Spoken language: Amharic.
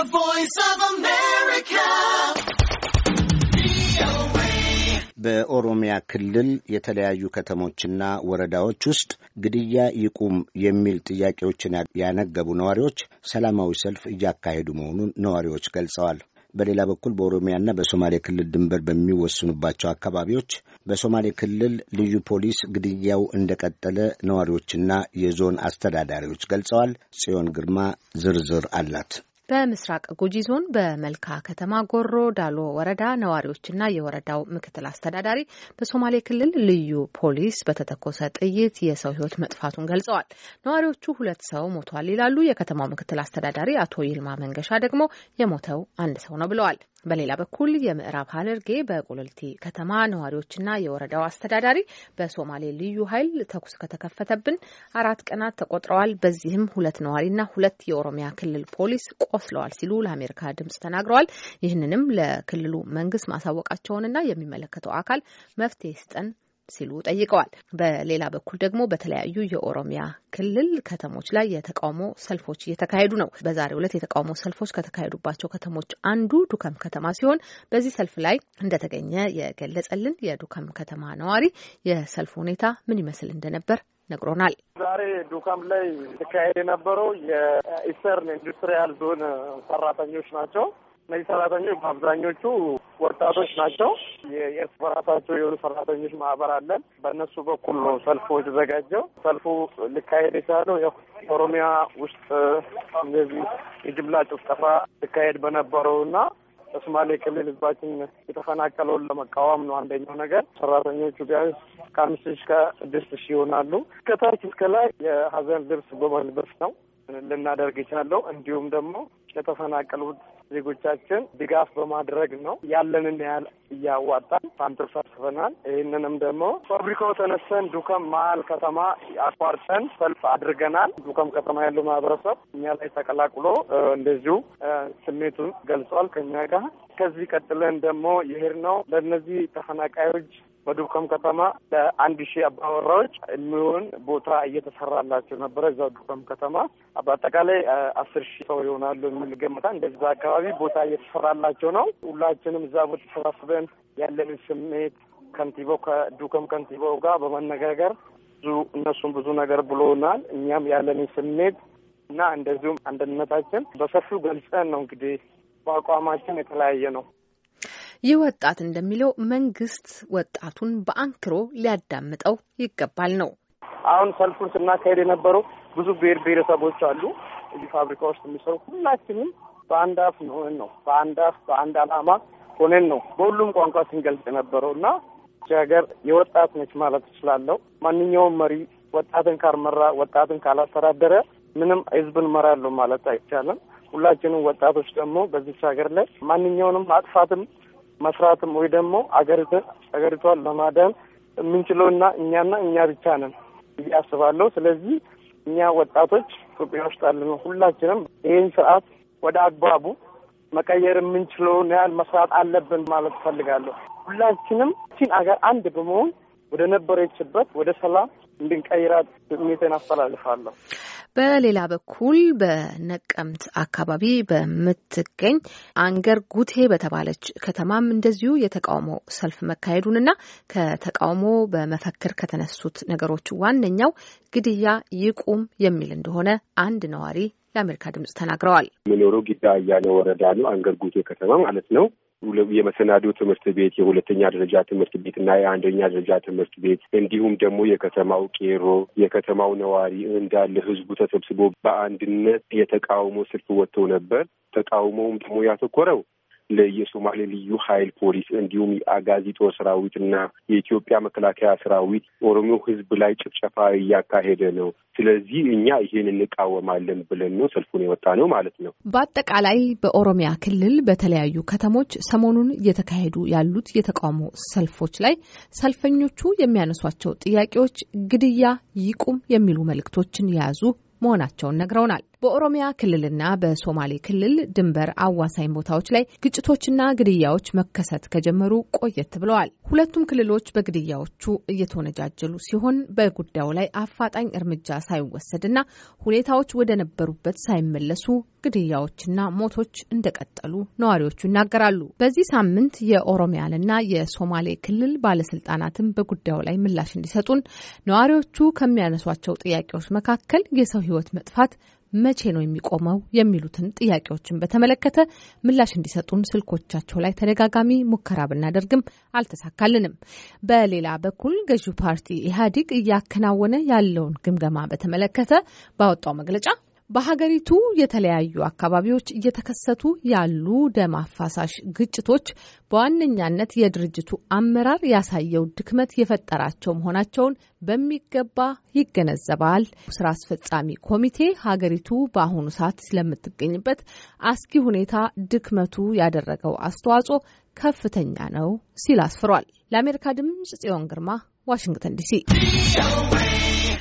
The Voice of America. በኦሮሚያ ክልል የተለያዩ ከተሞችና ወረዳዎች ውስጥ ግድያ ይቁም የሚል ጥያቄዎችን ያነገቡ ነዋሪዎች ሰላማዊ ሰልፍ እያካሄዱ መሆኑን ነዋሪዎች ገልጸዋል። በሌላ በኩል በኦሮሚያና በሶማሌ ክልል ድንበር በሚወስኑባቸው አካባቢዎች በሶማሌ ክልል ልዩ ፖሊስ ግድያው እንደቀጠለ ነዋሪዎችና የዞን አስተዳዳሪዎች ገልጸዋል። ጽዮን ግርማ ዝርዝር አላት። በምስራቅ ጉጂ ዞን በመልካ ከተማ ጎሮ ዳሎ ወረዳ ነዋሪዎችና የወረዳው ምክትል አስተዳዳሪ በሶማሌ ክልል ልዩ ፖሊስ በተተኮሰ ጥይት የሰው ሕይወት መጥፋቱን ገልጸዋል። ነዋሪዎቹ ሁለት ሰው ሞቷል ይላሉ። የከተማው ምክትል አስተዳዳሪ አቶ ይልማ መንገሻ ደግሞ የሞተው አንድ ሰው ነው ብለዋል። በሌላ በኩል የምዕራብ ሐረርጌ በቁልልቲ ከተማ ነዋሪዎችና የወረዳው አስተዳዳሪ በሶማሌ ልዩ ኃይል ተኩስ ከተከፈተብን አራት ቀናት ተቆጥረዋል፣ በዚህም ሁለት ነዋሪና ሁለት የኦሮሚያ ክልል ፖሊስ ቆስለዋል ሲሉ ለአሜሪካ ድምጽ ተናግረዋል። ይህንንም ለክልሉ መንግስት ማሳወቃቸውንና የሚመለከተው አካል መፍትሄ ስጠን ሲሉ ጠይቀዋል። በሌላ በኩል ደግሞ በተለያዩ የኦሮሚያ ክልል ከተሞች ላይ የተቃውሞ ሰልፎች እየተካሄዱ ነው። በዛሬው ዕለት የተቃውሞ ሰልፎች ከተካሄዱባቸው ከተሞች አንዱ ዱከም ከተማ ሲሆን በዚህ ሰልፍ ላይ እንደተገኘ የገለጸልን የዱከም ከተማ ነዋሪ የሰልፉ ሁኔታ ምን ይመስል እንደነበር ነግሮናል። ዛሬ ዱከም ላይ ሲካሄድ የነበረው የኢስተርን ኢንዱስትሪያል ዞን ሰራተኞች ናቸው። እነዚህ ሰራተኞች በአብዛኞቹ ወጣቶች ናቸው። የቄስ የሆኑ ሰራተኞች ማህበር አለን። በእነሱ በኩል ነው ሰልፉ የተዘጋጀው። ሰልፉ ሊካሄድ የቻለው ኦሮሚያ ውስጥ እንደዚህ የጅምላ ጭፍጨፋ ሊካሄድ በነበረው እና በሶማሌ ክልል ህዝባችን የተፈናቀለውን ለመቃወም ነው። አንደኛው ነገር ሰራተኞቹ ቢያንስ ከአምስት ሺህ ከስድስት ሺህ ይሆናሉ። ከታች እስከ ላይ የሀዘን ልብስ በመልበስ ነው ልናደርግ ይቻለው። እንዲሁም ደግሞ የተፈናቀሉት ዜጎቻችን ድጋፍ በማድረግ ነው ያለንን ያህል እያዋጣን ፓንትር ሰብስበናል። ይህንንም ደግሞ ፋብሪካው ተነስተን ዱከም መሀል ከተማ አቋርጠን ሰልፍ አድርገናል። ዱከም ከተማ ያለው ማህበረሰብ እኛ ላይ ተቀላቅሎ እንደዚሁ ስሜቱን ገልጿል ከኛ ጋር። ከዚህ ቀጥለን ደግሞ ይሄድ ነው ለእነዚህ ተፈናቃዮች በዱከም ከተማ ለአንድ ሺህ አባወራዎች የሚሆን ቦታ እየተሰራላቸው ነበረ። እዛው ዱከም ከተማ በአጠቃላይ አስር ሺህ ሰው ይሆናሉ የሚል ገመታ እንደዛ አካባቢ ቦታ እየተሰራላቸው ነው። ሁላችንም እዛ ቦታ ተሰባስበን ያለንን ስሜት ከንቲባው ከዱከም ከንቲባው ጋር በመነጋገር ብዙ እነሱም ብዙ ነገር ብሎናል። እኛም ያለንን ስሜት እና እንደዚሁም አንድነታችን በሰፊው ገልጸን ነው እንግዲህ በአቋማችን የተለያየ ነው። ይህ ወጣት እንደሚለው መንግስት ወጣቱን በአንክሮ ሊያዳምጠው ይገባል ነው። አሁን ሰልፉን ስናካሄድ የነበረው ብዙ ብሔር ብሔረሰቦች አሉ። እዚህ ፋብሪካ ውስጥ የሚሰሩ ሁላችንም በአንድ አፍ ሆነን ነው በአንድ አፍ በአንድ አላማ ሆነን ነው በሁሉም ቋንቋ ስንገልጽ የነበረው እና ሀገር የወጣት ነች ማለት እችላለሁ። ማንኛውም መሪ ወጣትን ካልመራ ወጣትን ካላስተዳደረ ምንም ህዝብን መራለሁ ማለት አይቻልም። ሁላችንም ወጣቶች ደግሞ በዚች ሀገር ላይ ማንኛውንም ማጥፋትም መስራትም ወይ ደግሞ አገሪቷን ለማዳን እና እኛና እኛ ብቻ ነን እያስባለሁ። ስለዚህ እኛ ወጣቶች ኢትዮጵያ ውስጥ ያለን ሁላችንም ይህን ስርዓት ወደ አግባቡ መቀየር የምንችለውን ያህል መስራት አለብን ማለት እፈልጋለሁ። ሁላችንም ቺን አገር አንድ በመሆን ወደ ነበረችበት ወደ ሰላም እንድንቀይራት ስሜቴን አስተላልፋለሁ። በሌላ በኩል በነቀምት አካባቢ በምትገኝ አንገር ጉቴ በተባለች ከተማም እንደዚሁ የተቃውሞ ሰልፍ መካሄዱንና ከተቃውሞ በመፈክር ከተነሱት ነገሮች ዋነኛው ግድያ ይቁም የሚል እንደሆነ አንድ ነዋሪ ለአሜሪካ ድምጽ ተናግረዋል። የምኖረው ጊዳ አያሌ ወረዳ ነው። አንገር ጉቴ ከተማ ማለት ነው። የመሰናዶ ትምህርት ቤት፣ የሁለተኛ ደረጃ ትምህርት ቤት እና የአንደኛ ደረጃ ትምህርት ቤት እንዲሁም ደግሞ የከተማው ቄሮ፣ የከተማው ነዋሪ እንዳለ ህዝቡ ተሰብስቦ በአንድነት የተቃውሞ ሰልፍ ወጥቶ ነበር። ተቃውሞውም ደግሞ ያተኮረው የሶማሌ ልዩ ኃይል ፖሊስ፣ እንዲሁም የአጋዚ ጦር እና የኢትዮጵያ መከላከያ ሰራዊት ኦሮሞ ህዝብ ላይ ጭፍጨፋ እያካሄደ ነው። ስለዚህ እኛ ይሄን እንቃወማለን ብለን ነው ሰልፉን የወጣ ነው ማለት ነው። በአጠቃላይ በኦሮሚያ ክልል በተለያዩ ከተሞች ሰሞኑን እየተካሄዱ ያሉት የተቃውሞ ሰልፎች ላይ ሰልፈኞቹ የሚያነሷቸው ጥያቄዎች ግድያ ይቁም የሚሉ መልእክቶችን የያዙ መሆናቸውን ነግረውናል። በኦሮሚያ ክልልና በሶማሌ ክልል ድንበር አዋሳኝ ቦታዎች ላይ ግጭቶችና ግድያዎች መከሰት ከጀመሩ ቆየት ብለዋል። ሁለቱም ክልሎች በግድያዎቹ እየተወነጃጀሉ ሲሆን በጉዳዩ ላይ አፋጣኝ እርምጃ ሳይወሰድና ሁኔታዎች ወደ ነበሩበት ሳይመለሱ ግድያዎችና ሞቶች እንደቀጠሉ ነዋሪዎቹ ይናገራሉ። በዚህ ሳምንት የኦሮሚያንና የሶማሌ ክልል ባለስልጣናትን በጉዳዩ ላይ ምላሽ እንዲሰጡን ነዋሪዎቹ ከሚያነሷቸው ጥያቄዎች መካከል የሰው ሕይወት መጥፋት መቼ ነው የሚቆመው የሚሉትን ጥያቄዎችን በተመለከተ ምላሽ እንዲሰጡን ስልኮቻቸው ላይ ተደጋጋሚ ሙከራ ብናደርግም አልተሳካልንም። በሌላ በኩል ገዢው ፓርቲ ኢህአዲግ እያከናወነ ያለውን ግምገማ በተመለከተ ባወጣው መግለጫ በሀገሪቱ የተለያዩ አካባቢዎች እየተከሰቱ ያሉ ደም አፋሳሽ ግጭቶች በዋነኛነት የድርጅቱ አመራር ያሳየው ድክመት የፈጠራቸው መሆናቸውን በሚገባ ይገነዘባል። ስራ አስፈጻሚ ኮሚቴ ሀገሪቱ በአሁኑ ሰዓት ስለምትገኝበት አስጊ ሁኔታ ድክመቱ ያደረገው አስተዋጽኦ ከፍተኛ ነው ሲል አስፍሯል። ለአሜሪካ ድምጽ ጽዮን ግርማ ዋሽንግተን ዲሲ